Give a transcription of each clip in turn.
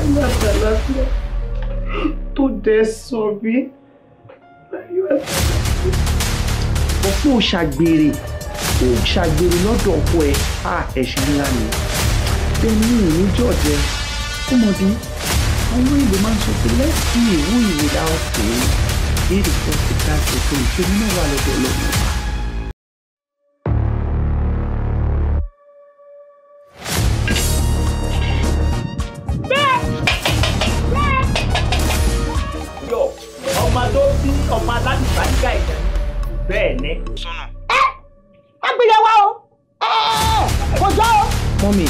láyé àtàlàfíà tó dẹ sọ̀rí láyé àtàlàfíà. ọ̀pọ̀ òṣàgbèrè òṣàgbèrè lọ́dọ̀ ọkọ ẹ̀ á ẹ̀ṣin ńlá ni bẹ́ẹ̀ni ìní jọ̀jẹ́ ó mọ̀ bí àwọn ìlú máa ń sọ pé lẹ́sìn ìwú ìwé dáhùn sí i bí ìdìbò ti ká ṣètò ìṣèlú náà wà lọ́dọ̀ ọlọ́run. ọmọ aládùúgbàdìgà ìjà ni bẹ́ẹ̀ ni. sọnà. ẹ agbèyẹwà o kò jọ o. mọ́mì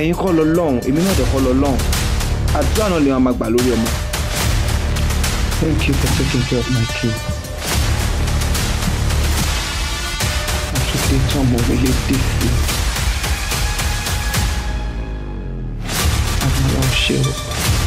ẹ̀yin kọ́ lọ lọ́hùn èmi náà dẹ̀ kọ́ lọ lọ́hùn àdúrà náà lè máa gbà lórí ọmọ. Thank you for taking care of my kid. àtúntò tán mo wọlé dé sí i. àmọ́ o.